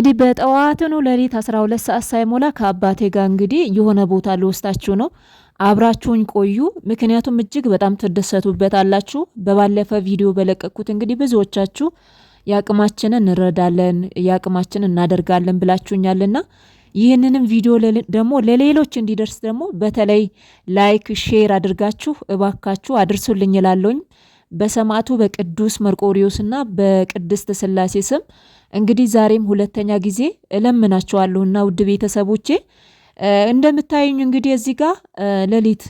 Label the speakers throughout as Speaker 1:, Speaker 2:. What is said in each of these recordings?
Speaker 1: እንግዲህ ነው ሌሊት 12 ሰዓት ሳይሞላ ከአባቴ ጋር እንግዲህ የሆነ ቦታ ልወስዳችሁ ነው። አብራችሁኝ ቆዩ፣ ምክንያቱም እጅግ በጣም ትደሰቱበት አላችሁ። በባለፈ ቪዲዮ በለቀኩት እንግዲህ ብዙዎቻችሁ የአቅማችንን እንረዳለን የአቅማችንን እናደርጋለን ብላችሁኛልና ይህንንም ቪዲዮ ደግሞ ለሌሎች እንዲደርስ ደግሞ በተለይ ላይክ፣ ሼር አድርጋችሁ እባካችሁ አድርሱልኝ እላለሁኝ በሰማዕቱ በቅዱስ መርቆሪዎስና በቅድስት ስላሴ ስም እንግዲህ ዛሬም ሁለተኛ ጊዜ እለምናቸዋለሁና ውድ ቤተሰቦቼ እንደምታዩኝ እንግዲህ እዚህ ጋር ሌሊት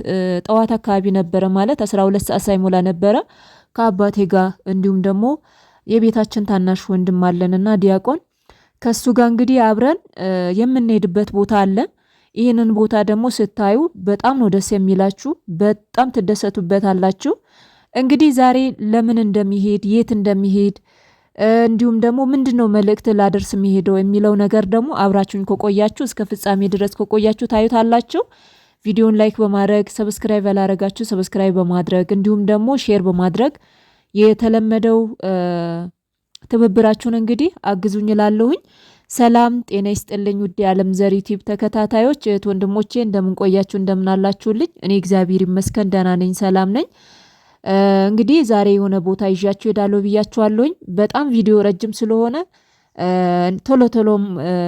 Speaker 1: ጠዋት አካባቢ ነበረ ማለት 12 ሰዓት ሳይሞላ ነበረ ከአባቴ ጋር እንዲሁም ደግሞ የቤታችን ታናሽ ወንድም አለንና ዲያቆን ከሱ ጋር እንግዲህ አብረን የምንሄድበት ቦታ አለ። ይህንን ቦታ ደግሞ ስታዩ በጣም ነው ደስ የሚላችሁ፣ በጣም ትደሰቱበት አላችሁ። እንግዲህ ዛሬ ለምን እንደሚሄድ የት እንደሚሄድ እንዲሁም ደግሞ ምንድን ነው መልእክት ላደርስ የሚሄደው የሚለው ነገር ደግሞ አብራችሁኝ ከቆያችሁ እስከ ፍጻሜ ድረስ ከቆያችሁ ታዩታላችሁ። ቪዲዮን ላይክ በማድረግ ሰብስክራይብ ያላረጋችሁ ሰብስክራይብ በማድረግ እንዲሁም ደግሞ ሼር በማድረግ የተለመደው ትብብራችሁን እንግዲህ አግዙኝ እላለሁኝ። ሰላም ጤና ይስጥልኝ ውድ የዓለም ዘር ዩቲዩብ ተከታታዮች እህት ወንድሞቼ እንደምንቆያችሁ እንደምናላችሁልኝ እኔ እግዚአብሔር ይመስገን ደህና ነኝ፣ ሰላም ነኝ። እንግዲህ ዛሬ የሆነ ቦታ ይዣችሁ ሄዳለሁ ብያችኋለሁኝ። በጣም ቪዲዮ ረጅም ስለሆነ ቶሎ ቶሎም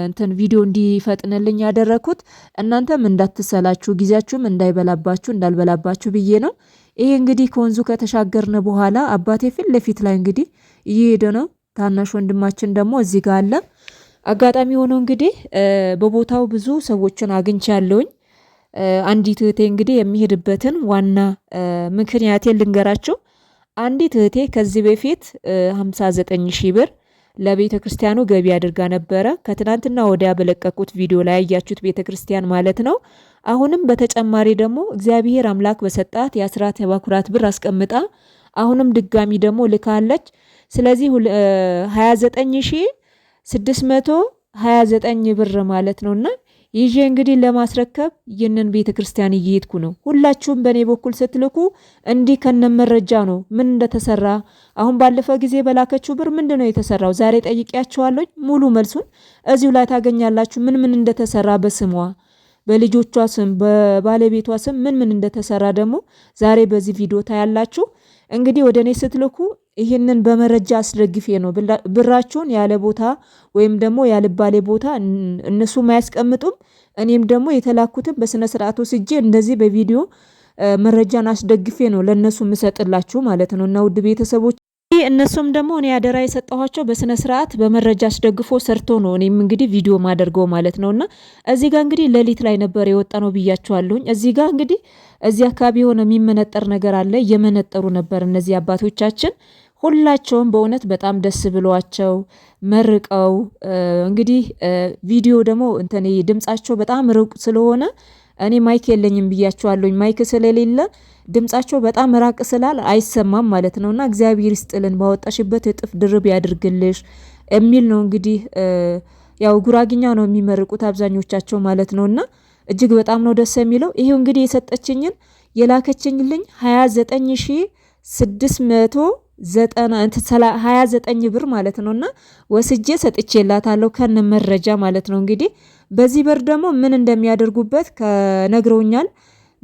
Speaker 1: እንትን ቪዲዮ እንዲፈጥንልኝ ያደረኩት እናንተም እንዳትሰላችሁ ጊዜያችሁም እንዳይበላባችሁ እንዳልበላባችሁ ብዬ ነው። ይሄ እንግዲህ ከወንዙ ከተሻገርን በኋላ አባቴ ፊት ለፊት ላይ እንግዲህ እየሄደ ነው። ታናሽ ወንድማችን ደግሞ እዚህ ጋር አለ። አጋጣሚ ሆኖ እንግዲህ በቦታው ብዙ ሰዎችን አግኝቻለሁኝ። አንዲት እህቴ እንግዲህ የሚሄድበትን ዋና ምክንያቴን ልንገራችሁ። አንዲት እህቴ ከዚህ በፊት 59 ሺህ ብር ለቤተ ክርስቲያኑ ገቢ አድርጋ ነበረ። ከትናንትና ወዲያ በለቀቁት ቪዲዮ ላይ ያያችሁት ቤተ ክርስቲያን ማለት ነው። አሁንም በተጨማሪ ደግሞ እግዚአብሔር አምላክ በሰጣት የአስራት የበኩራት ብር አስቀምጣ አሁንም ድጋሚ ደግሞ ልካለች። ስለዚህ 29 ሺህ 629 ብር ማለት ነውና ይዤ እንግዲህ ለማስረከብ ይህንን ቤተ ክርስቲያን እየሄድኩ ነው። ሁላችሁም በእኔ በኩል ስትልኩ እንዲህ ከነመረጃ ነው ምን እንደተሰራ። አሁን ባለፈ ጊዜ በላከችው ብር ምንድን ነው የተሰራው? ዛሬ ጠይቄያችኋለሁ። ሙሉ መልሱን እዚሁ ላይ ታገኛላችሁ። ምን ምን እንደተሰራ በስሟ በልጆቿ ስም በባለቤቷ ስም ምን ምን እንደተሰራ ደግሞ ዛሬ በዚህ ቪዲዮ ታያላችሁ። እንግዲህ ወደ እኔ ስትልኩ ይህንን በመረጃ አስደግፌ ነው ብራችሁን ያለ ቦታ ወይም ደግሞ ያለባሌ ቦታ እነሱ አያስቀምጡም። እኔም ደግሞ የተላኩትን በስነ ስርዓት ወስጄ እንደዚህ በቪዲዮ መረጃን አስደግፌ ነው ለእነሱ የምሰጥላችሁ ማለት ነው። እና ውድ ቤተሰቦች እነሱም ደግሞ እኔ አደራ የሰጠኋቸው በስነ ስርዓት በመረጃ አስደግፎ ሰርቶ ነው እኔም እንግዲህ ቪዲዮ ማደርገው ማለት ነው። እና እዚህ ጋር እንግዲህ ሌሊት ላይ ነበር የወጣ ነው ብያችኋለሁኝ። እዚህ ጋር እንግዲህ እዚህ አካባቢ የሆነ የሚመነጠር ነገር አለ፣ እየመነጠሩ ነበር እነዚህ አባቶቻችን ሁላቸውም በእውነት በጣም ደስ ብሏቸው መርቀው እንግዲህ ቪዲዮ ደግሞ እንትን ድምፃቸው በጣም ርቅ ስለሆነ እኔ ማይክ የለኝም ብያቸዋለኝ። ማይክ ስለሌለ ድምፃቸው በጣም ራቅ ስላል አይሰማም ማለት እና እግዚአብሔር ይስጥልን ባወጣሽበት እጥፍ ድርብ ያድርግልሽ የሚል ነው እንግዲህ ያው ጉራግኛ ነው የሚመርቁት አብዛኞቻቸው ማለት እና እጅግ በጣም ነው ደስ የሚለው። ይሄው እንግዲህ የሰጠችኝን የላከችኝልኝ 29600 ሀያ ዘጠኝ ብር ማለት ነው እና ወስጄ ሰጥቼላታለሁ ከነ መረጃ ማለት ነው። እንግዲህ በዚህ ብር ደግሞ ምን እንደሚያደርጉበት ከነግረውኛል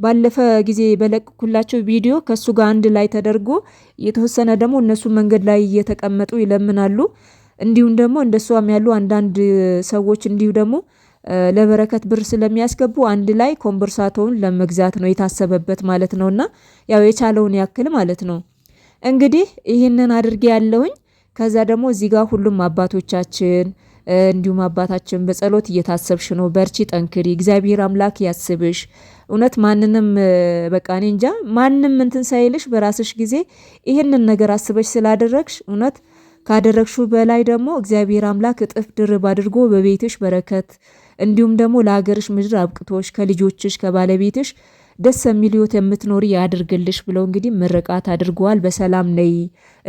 Speaker 1: ባለፈ ጊዜ በለቅኩላቸው ቪዲዮ ከእሱ ጋር አንድ ላይ ተደርጎ የተወሰነ ደግሞ እነሱ መንገድ ላይ እየተቀመጡ ይለምናሉ። እንዲሁም ደግሞ እንደሷም ያሉ አንዳንድ ሰዎች እንዲሁ ደግሞ ለበረከት ብር ስለሚያስገቡ አንድ ላይ ኮምቦርሳቶውን ለመግዛት ነው የታሰበበት ማለት ነው እና ያው የቻለውን ያክል ማለት ነው። እንግዲህ ይህንን አድርጌ ያለሁኝ ከዛ ደግሞ እዚህ ጋር ሁሉም አባቶቻችን እንዲሁም አባታችን በጸሎት እየታሰብሽ ነው፣ በርቺ፣ ጠንክሪ፣ እግዚአብሔር አምላክ ያስብሽ። እውነት ማንንም በቃ እኔ እንጃ ማንም እንትን ሳይልሽ በራስሽ ጊዜ ይህንን ነገር አስበሽ ስላደረግሽ እውነት ካደረግሹ በላይ ደግሞ እግዚአብሔር አምላክ እጥፍ ድርብ አድርጎ በቤትሽ በረከት እንዲሁም ደግሞ ለሀገርሽ ምድር አብቅቶሽ ከልጆችሽ ከባለቤትሽ ደስ የሚል ህይወት የምትኖሪ ያድርግልሽ ብለው እንግዲህ ምርቃት አድርገዋል። በሰላም ነይ፣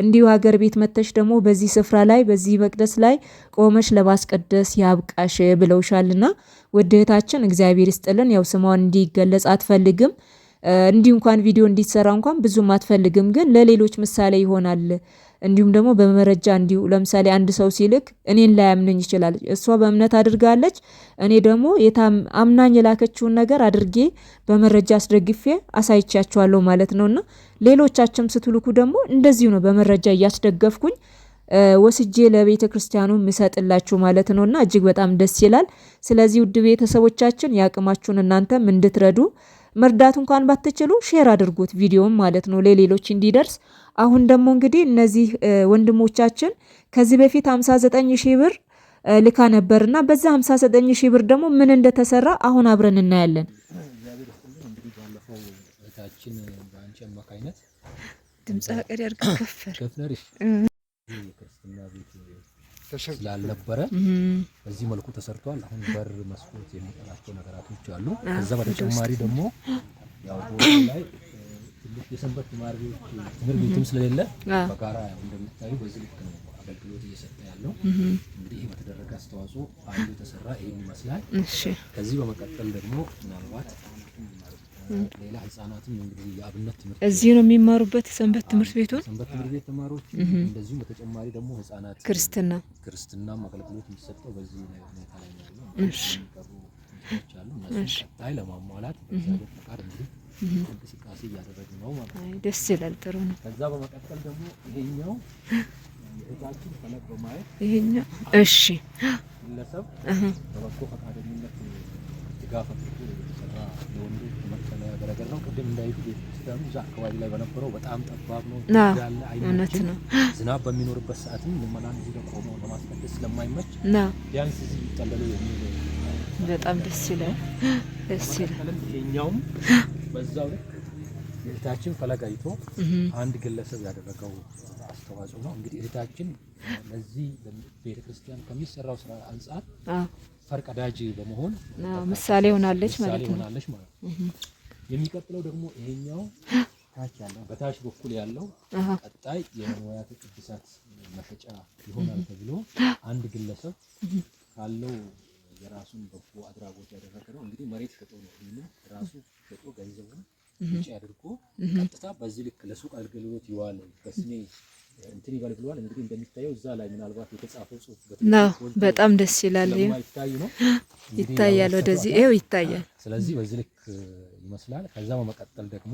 Speaker 1: እንዲሁ ሀገር ቤት መተሽ ደግሞ በዚህ ስፍራ ላይ በዚህ መቅደስ ላይ ቆመሽ ለማስቀደስ ያብቃሽ ብለውሻልና ውድ እህታችን እግዚአብሔር ይስጥልን። ያው ስሟን እንዲገለጽ አትፈልግም እንዲህ እንኳን ቪዲዮ እንዲሰራ እንኳን ብዙም አትፈልግም፣ ግን ለሌሎች ምሳሌ ይሆናል እንዲሁም ደግሞ በመረጃ እንዲሁ ለምሳሌ አንድ ሰው ሲልክ እኔን ላያምነኝ ይችላል። እሷ በእምነት አድርጋለች፣ እኔ ደግሞ አምናኝ የላከችውን ነገር አድርጌ በመረጃ አስደግፌ አሳይቻቸዋለሁ ማለት ነው። እና ሌሎቻችም ስትልኩ ደግሞ እንደዚሁ ነው፣ በመረጃ እያስደገፍኩኝ ወስጄ ለቤተ ክርስቲያኑ ምሰጥላችሁ ማለት ነው። እና እጅግ በጣም ደስ ይላል። ስለዚህ ውድ ቤተሰቦቻችን የአቅማችሁን እናንተም እንድትረዱ መርዳት እንኳን ባትችሉ ሼር አድርጉት ቪዲዮም ማለት ነው ለሌሎች እንዲደርስ። አሁን ደግሞ እንግዲህ እነዚህ ወንድሞቻችን ከዚህ በፊት 59 ሺህ ብር ልካ ነበር ና በዛ 59 ሺህ ብር ደግሞ ምን እንደተሰራ አሁን አብረን እናያለን።
Speaker 2: ድምፅ
Speaker 3: ቤት ስላልነበረ በዚህ መልኩ ተሰርቷል። አሁን በር፣ መስኮት የሚጠራቸው ነገራቶች አሉ። ከዛ በተጨማሪ ደግሞ ያው ላይ ትልቅ የሰንበት ተማሪዎች ትምህርት ቤትም ስለሌለ በጋራ ያው እንደምታዩ በዚህ ልክ ነው አገልግሎት እየሰጠ ያለው። እንግዲህ በተደረገ አስተዋጽኦ አንዱ የተሰራ ይህን ይመስላል። ከዚህ በመቀጠል ደግሞ ምናልባት
Speaker 2: ሌላ ህጻናትም እንግዲህ የአብነት ትምህርት እዚህ ነው የሚማሩበት ሰንበት ትምህርት ቤቱን ሰንበት ትምህርት ቤት ተማሪዎች እንደዚሁም በተጨማሪ ደግሞ ህጻናት ክርስትና አገልግሎት የሚሰጠው በዚህ ሁኔታ ላይ ነው። እሺ
Speaker 3: ቀጣይ ለማሟላት ፈቃድ እንግዲህ
Speaker 2: እንቅስቃሴ ነው ማለት ነው። ደስ ይላል። ጥሩ ነው። ከዛ በመቀጠል ደግሞ ይሄኛው ፈለግ በማየት ይሄኛው እሺ
Speaker 3: ግለሰብ በበጎ ፈቃደኝነት ድጋፍ አድርጎ የወንዶች መጠለያ ገረገር ነው። ቅድም እንዳይቱ ቤተክርስቲያኑ እዛ አካባቢ ላይ በነበረው በጣም ጠባብ ነው
Speaker 2: ያለ አይነት ነው።
Speaker 3: ዝናብ በሚኖርበት ሰዓትም ምዕመናን እዚህ ቆመው ለማስቀደስ ስለማይመች
Speaker 2: ቢያንስ እዚህ ይጠለሉ የሚል በጣም ደስ ይላል። ደስ ይላል።
Speaker 3: የኛውም በዛው ልክ እህታችን ፈለጋይቶ አንድ ግለሰብ ያደረገው አስተዋጽኦ ነው። እንግዲህ እህታችን ለዚህ ቤተክርስቲያን ከሚሰራው ስራ አንጻር ፈርቀዳጅ በመሆን
Speaker 2: ምሳሌ ሆናለች
Speaker 3: ማለት ነው። የሚቀጥለው ደግሞ ይሄኛው ታች ያለው በታች በኩል ያለው ቀጣይ የንዋያተ ቅድሳት መሸጫ ይሆናል ተብሎ አንድ ግለሰብ ካለው የራሱን በጎ አድራጎት ያደረገ ነው። እንግዲህ መሬት ሸጦ ነው ራሱ ሸጦ ገንዘቡን ውጭ አድርጎ ቀጥታ በዚህ ልክ ለሱቅ አገልግሎት ይዋል በስሜ እንትን ይበል ብለዋል። እንግዲህ እንደሚታየው እዛ ላይ ምናልባት የተጻፈው
Speaker 2: ጽሁፍ በጣም ደስ ይላል። ይታያል፣ ወደዚህ ይኸው ይታያል።
Speaker 3: ስለዚህ በዚህ ልክ ይመስላል። ከዛ በመቀጠል ደግሞ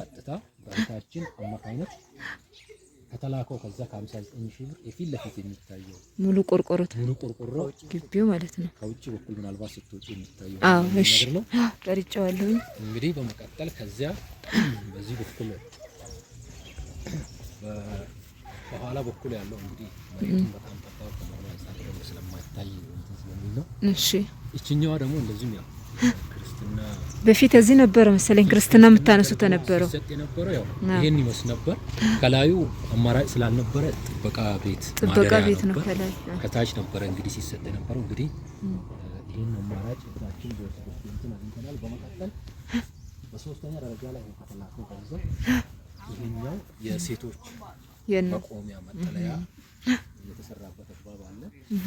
Speaker 3: ቀጥታ በእህታችን አማካኝነት ከተላከው ከዛ ሺህ ብር የፊት ለፊት የሚታየው ሙሉ ቆርቆሮ ሙሉ ቆርቆሮ
Speaker 2: ግቢው ማለት ነው።
Speaker 3: ከውጭ በኩል ምናልባት ስትወጪ
Speaker 2: የሚታየው አዎ፣ እሺ፣ ቀርጬዋለሁ።
Speaker 3: እንግዲህ በመቀጠል ከዚያ በዚህ በኩል በኋላ በኩል ያለው እንግዲህ መሬቱን በጣም ጠባብ ከመሆኑ አንጻር ደግሞ ስለማይታይ
Speaker 2: ስለሚል ነው። እሺ
Speaker 3: ይችኛዋ ደግሞ እንደዚህም ያው
Speaker 2: ክርስትና በፊት እዚህ ነበረ መሰለኝ ክርስትና የምታነሱት ነበረው
Speaker 3: ሰጥ የነበረው ያው ይሄን ይመስል ነበር። ከላዩ አማራጭ ስላልነበረ ጥበቃ ቤት
Speaker 2: ጥበቃ ቤት ነው
Speaker 3: ከላይ ከታች ነበረ እንግዲህ ሲሰጥ የነበረው እንግዲህ ይህን አማራጭ እታችን ድረስ አግኝተናል። በመቀጠል በሶስተኛ ደረጃ ላይ ነው ተፈላቆ ገንዘብ ይሄኛው የሴቶች መቆሚያ መጠለያ የተሰራበት አግባብ አለ።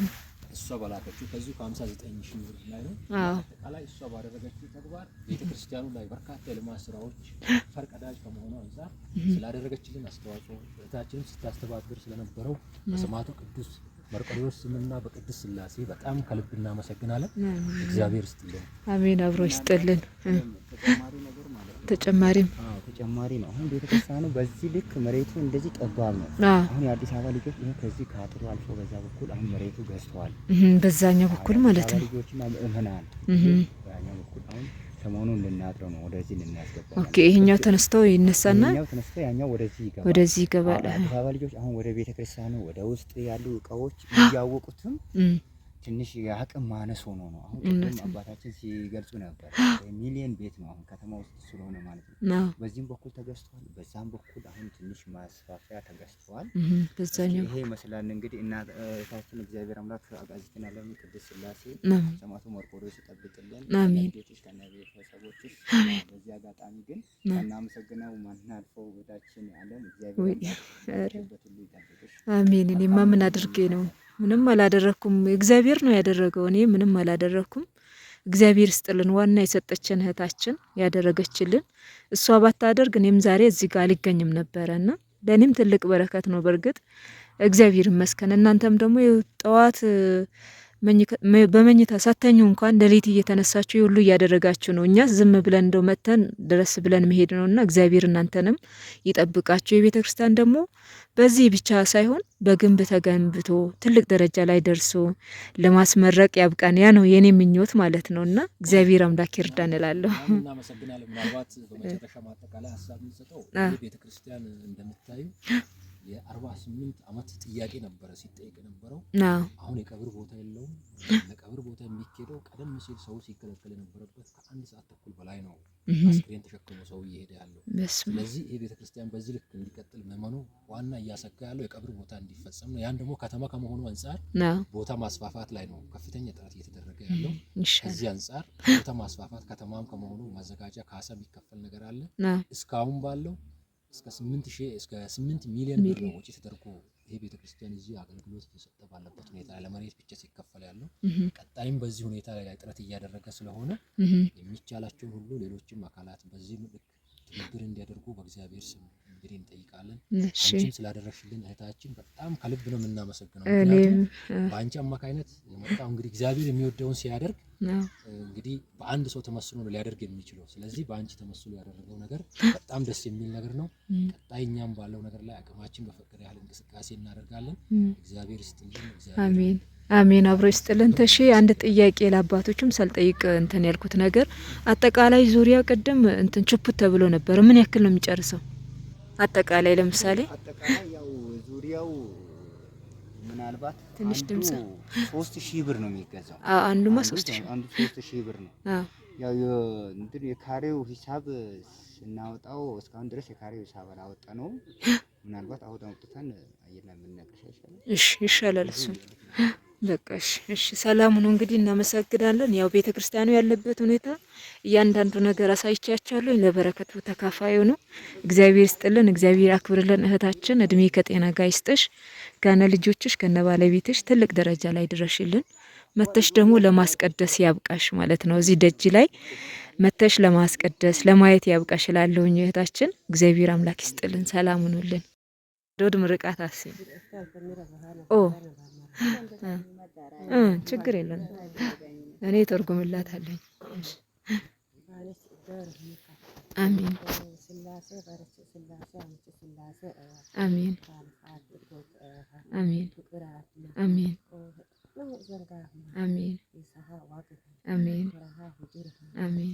Speaker 3: እሷ በላከችው ከዚሁ ከሀምሳ ዘጠኝ ሺህ
Speaker 2: ብር ላይ ነው። አጠቃላይ
Speaker 3: እሷ ባደረገችው ተግባር ቤተክርስቲያኑ ላይ በርካታ የልማት ስራዎች ፈርቀዳጅ ከመሆኑ አንጻር ስላደረገችልን አስተዋጽኦ እህታችንም ስታስተባብር ስለነበረው በሰማዕቱ ቅዱስ መርቆሪዎስ ስምና በቅዱስ ስላሴ በጣም ከልብ እናመሰግናለን።
Speaker 2: እግዚአብሔር ይስጥልን። አሜን። አብሮ ይስጥልን። ተጨማሪም
Speaker 3: ተጨማሪ ነው። አሁን ቤተክርስቲያኑ በዚህ ልክ መሬቱ እንደዚህ ጠባብ ነው። አሁን የአዲስ አበባ ልጆች ይሄ ከዚህ ከአጥሩ አልፎ በዛ በኩል አሁን መሬቱ ገዝተዋል።
Speaker 2: በዛኛው በኩል ማለት ነው ልጆችና ምእመናን በዛኛው
Speaker 3: በኩል አሁን ሰሞኑን ልናድረው ነው። ወደዚህ ልናስገባ።
Speaker 2: ኦኬ። ይሄኛው ተነስተው ይነሳና
Speaker 3: ይሄኛው ያኛው ወደዚህ ይገባል፣
Speaker 2: ወደዚህ ይገባል።
Speaker 3: አዲስ ልጆች አሁን ወደ ቤተ ክርስቲያኑ ወደ ውስጥ ያሉ እቃዎች እያወቁትም ትንሽ የአቅም ማነስ ሆኖ ነው። አሁን ቅድም አባታችን ሲገልጹ ነበር ሚሊየን ቤት ነው አሁን ከተማ ውስጥ ስለሆነ ማለት ነው። በዚህም በኩል ተገዝተዋል፣ በዛም በኩል አሁን ትንሽ ማስፋፊያ ተገዝተዋል። ይሄ ይመስላል እንግዲህ እና ታችን እግዚአብሔር አምላክ አጋዝተን ያለን ቅዱስ ስላሴ ሰማቱ መርቆዶ
Speaker 2: ይጠብቅልን። ቤቶች ከና ቤተሰቦችሽ። በዚህ አጋጣሚ
Speaker 3: ግን እናመሰግነው ማናልፈው ቤታችን አለን
Speaker 2: እግዚአብሔር ሁሉ ይጠብቅሽ። አሜን። እኔማ ምን አድርጌ ነው ምንም አላደረግኩም። እግዚአብሔር ነው ያደረገው፣ እኔ ምንም አላደረግኩም። እግዚአብሔር ስጥልን ዋና የሰጠችን እህታችን ያደረገችልን እሷ ባታደርግ እኔም ዛሬ እዚህ ጋር አልገኝም ነበረና ለእኔም ትልቅ በረከት ነው። በእርግጥ እግዚአብሔር ይመስገን። እናንተም ደግሞ ጠዋት በመኝታ ሳተኙ እንኳን ሌሊት እየተነሳችሁ ሁሉ እያደረጋችሁ ነው። እኛ ዝም ብለን እንደው መተን ድረስ ብለን መሄድ ነው እና እግዚአብሔር እናንተንም ይጠብቃችሁ። የቤተ ክርስቲያን ደግሞ በዚህ ብቻ ሳይሆን በግንብ ተገንብቶ ትልቅ ደረጃ ላይ ደርሶ ለማስመረቅ ያብቃን። ያ ነው የኔ ምኞት ማለት ነው እና እግዚአብሔር አምላክ ይርዳን እላለሁ።
Speaker 3: እናመሰግናለን። ምናልባት በመጨረሻ ማጠቃላይ ሀሳብ ቤተ ክርስቲያን እንደምታዩ የአርባ ስምንት ዓመት ጥያቄ ነበረ ሲጠየቅ የነበረው። አሁን የቀብር ቦታ የለውም። ለቀብር ቦታ የሚሄደው ቀደም ሲል ሰው ሲከለከል የነበረበት ከአንድ ሰዓት ተኩል በላይ ነው አስክሬን ተሸክሞ ሰው እየሄደ ያለው። ስለዚህ ይህ ቤተ በዚህ ልክ እንዲቀጥል መመኑ ዋና እያሰጋ ያለው የቀብር ቦታ እንዲፈጸም ነው። ያን ደግሞ ከተማ ከመሆኑ አንጻር ቦታ ማስፋፋት ላይ ነው ከፍተኛ ጥረት እየተደረገ ያለው። ከዚህ አንጻር ቦታ ማስፋፋት ከተማም ከመሆኑ መዘጋጃ ካሳ የሚከፈል ነገር አለ እስካሁን ባለው እስከ 8 ሺህ እስከ 8 ሚሊዮን
Speaker 2: ብር ነው ወጪ ተደርጎ
Speaker 3: ይሄ ቤተክርስቲያን እዚህ አገልግሎት እየሰጠ ባለበት ሁኔታ ላይ ለመሬት ብቻ ሲከፈል ያለው ቀጣይም በዚህ ሁኔታ ላይ ጥረት እያደረገ ስለሆነ የሚቻላቸውን ሁሉ ሌሎችም አካላት በዚህ ምልክ ትብብር እንዲያደርጉ በእግዚአብሔር ስም እንግዲህ እንጠይቃለን። አንቺም ስላደረግሽልን እህታችን በጣም ከልብ ነው የምናመሰግነው። ምክንያቱም በአንቺ አማካይነት የመጣው እንግዲህ እግዚአብሔር የሚወደውን ሲያደርግ እንግዲህ በአንድ ሰው ተመስሎ ነው ሊያደርግ የሚችለው። ስለዚህ በአንቺ ተመስሎ ያደረገው ነገር በጣም ደስ የሚል ነገር ነው። ቀጣይ እኛም ባለው ነገር ላይ አቅማችን በፈቀደ ያህል እንቅስቃሴ እናደርጋለን።
Speaker 2: እግዚአብሔር ይስጥልን። አሜን አሜን። አብሮ ይስጥልን። ተሺ አንድ ጥያቄ ለአባቶችም ሳልጠይቅ እንትን ያልኩት ነገር አጠቃላይ ዙሪያ ቅድም እንትን ችፑት ተብሎ ነበር። ምን ያክል ነው የሚጨርሰው? አጠቃላይ ለምሳሌ
Speaker 3: ያው ዙሪያው ምናልባት ትንሽ ድምጽ ሶስት ሺህ ብር ነው የሚገዛው። አንዱማ ሶስት ሺህ አንዱ ሶስት ሺህ ብር ነው። ያው እንትን የካሬው ሂሳብ ስናወጣው እስካሁን ድረስ የካሬው ሂሳብ አላወጣ ነው። ምናልባት አሁን አውጥተን አየና
Speaker 2: የምንነግርሽ ይሻላል። እሱ ለቀሽ እሺ፣ ሰላም ነው እንግዲህ እናመሰግናለን። ያው ቤተ ክርስቲያኑ ያለበት ሁኔታ እያንዳንዱ ነገር አሳይቻቸዋለሁ። ለበረከቱ ተካፋዩ ነው። እግዚአብሔር ይስጥልን፣ እግዚአብሔር አክብርልን። እህታችን እድሜ ከጤና ጋር ይስጥሽ፣ ከነ ልጆችሽ ከነ ባለቤትሽ ትልቅ ደረጃ ላይ ድረሽልን። መተሽ ደግሞ ለማስቀደስ ያብቃሽ ማለት ነው። እዚህ ደጅ ላይ መተሽ ለማስቀደስ ለማየት ያብቃሽ እላለሁኝ። እህታችን እግዚአብሔር አምላክ ይስጥልን፣ ሰላም ሁልን ዶድ ምርቃት አስ ኦ ችግር የለም። እኔ ተርጉምላት አለኝ። አሚን አሚን አሚን አሚን አሚን አሚን አሚን አሚን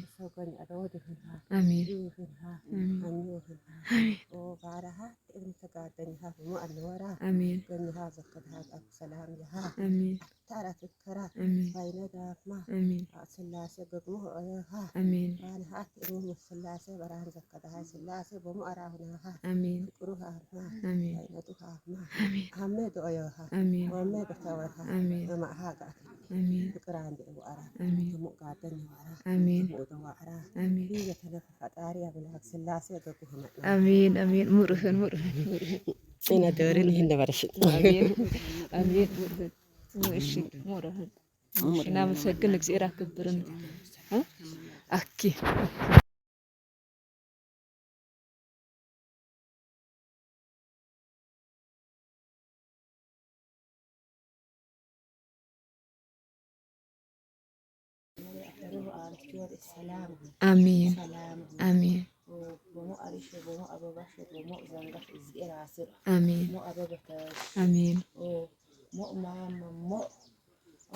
Speaker 2: كلهم تقعدنها ومؤن وراها امين لانها زقدها بأب سلام لها امين ترى تذكرها امين بين دافما امين سلاسي قدمه ايها امين انا هات امين السلاسي بران زقدها سلاسي بمؤراهناها امين فكرها ما امين بينتها ما امين حمد ايها امين ومد تورها امين وما هاقا امين فكران دي وارا امين مقعدني وارا امين ودوارا امين هي تنفع فطاري ابو العكس سلاسي قدمه امين امين مرهن مرهن ጤና ደወሬን ይሄን ነበረሽ። እሺ፣ እናመሰግን፣ እግዚአብሔር አክብርን አኪ አሚን አሜን mu abishe mu abo bashe mu zanga izigera hasi amin mu abo batash amin oo mu mama mu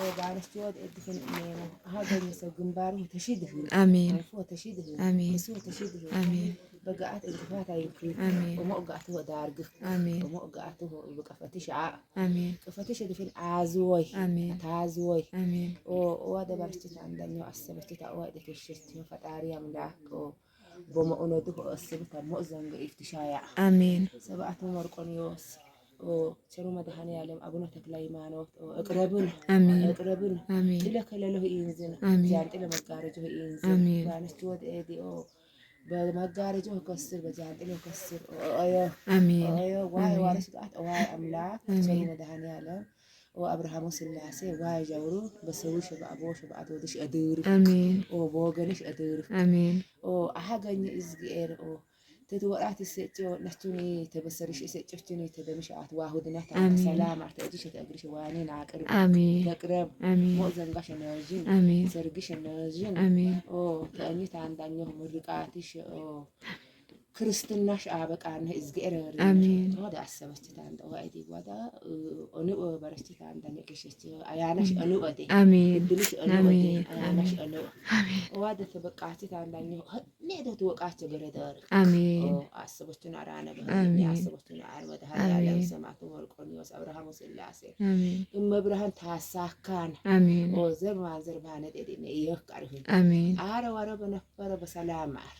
Speaker 2: oo baaristood edifin meena hada misa gumbaar hu tashidifin amin hu tashidifin amin isu tashidifin amin بقعت انتفاعها يمكن امين وما وقعته دارقه امين وما وقعته بقفتش عاء امين قفتش دفين عازوي امين تعازوي امين وهذا برشتت عند النوع السبتة اوادك الشتي وفتاريا ملاك بمؤونته أسبت مؤذن بإفتشايا آمين سبعة مرقنيوس وشرو مدهن يعلم أبونا تكلاي مانوت أقربنا آمين أقربنا آمين إلا كلا له ينزل آمين جانت إلا مقارجه ينزل آمين بانس جود إيدي أو بمقارجه كسر بجانت إلا كسر أيوه آمين أيوه واي وارس قعد واي أملاك شرو مدهن يعلم وأبرهاموس الناسي واجورو بسويش بأبوش بأدودش ادير آمين او وبوغلش ادير آمين او وأحاقني ازغير أو تدورات السجو نحتوني تبصرش السجو توني تدمش واحد نحت تعت سلام عت أديش تأجرش وانين عقرب آمين تقرب آمين مؤذن غش ناجين آمين سرقش ناجين آمين أو تأنيت عند عنهم الرقاتش أو ክርስትናሽ አበቃነ እዝግር ወደ አሰበችታ እንደ ወአይቲ ወዳ ኦንኦ በረችታ እንደ ነቅሽች ኦንኦ ዴ ድልሽ ኦንኦ ዴ ኦንኦ ወደ ተበቃችታ ልደት ወቃቸው ገረደ ወርቅ አሜን አስቦችን አራነ አስቦችን አርበዳ ያለም ሰማቱ ወርቆኒዎስ አብርሃሙ ስላሴ እመብርሃን ታሳካን ዘር ማንዘር ባነት ዴነ ይወቃሪሁን አረ ወረ በነፈረ በሰላም አር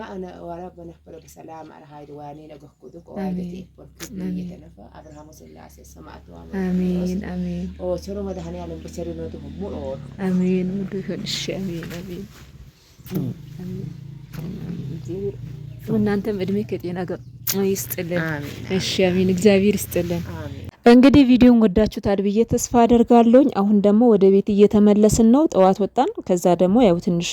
Speaker 2: ማእነ ወረ በነፈረ በሰላም አር ሀይድ ዋኔ ነገኩዱ ቆዋይደት ወርክዱ እየተነፈ አብርሃሙ ስላሴ ሰማቱ አሜን አሜን ቸሮ መድኃኔዓለም በቸርነቱ ሁሙ ኦት አሜን ሙሉ ይሁን እሺ አሜን አሜን አሜን እናንተም እድሜ ከጤና ጋር ይስጥልን። እሺ አሜን። እግዚአብሔር ይስጥልን። እንግዲህ ቪዲዮን ወዳችሁታል ብዬ ተስፋ አደርጋለሁኝ። አሁን ደግሞ ወደ ቤት እየተመለስን ነው። ጠዋት ወጣን። ከዛ ደግሞ ያው ትንሽ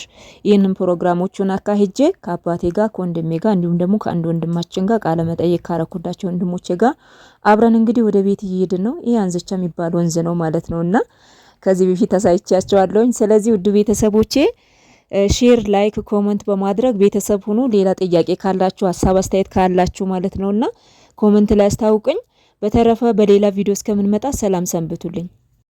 Speaker 2: ይህንን ፕሮግራሞቹን አካሄጄ ከአባቴ ጋር ከወንድሜ ጋር እንዲሁም ደግሞ ከአንድ ወንድማችን ጋር ቃለ መጠየቅ ካረኩላቸው ወንድሞቼ ጋር አብረን እንግዲህ ወደ ቤት እየሄድን ነው። ይህ አንዘቻ የሚባል ወንዝ ነው ማለት ነው እና ከዚህ በፊት አሳይቻቸዋለሁኝ። ስለዚህ ውድ ቤተሰቦቼ ሼር፣ ላይክ፣ ኮመንት በማድረግ ቤተሰብ ሁኑ። ሌላ ጥያቄ ካላችሁ ሀሳብ አስተያየት ካላችሁ ማለት ነውና ኮመንት ላይ አስታውቁኝ። በተረፈ በሌላ ቪዲዮ እስከምንመጣ ሰላም ሰንብቱልኝ።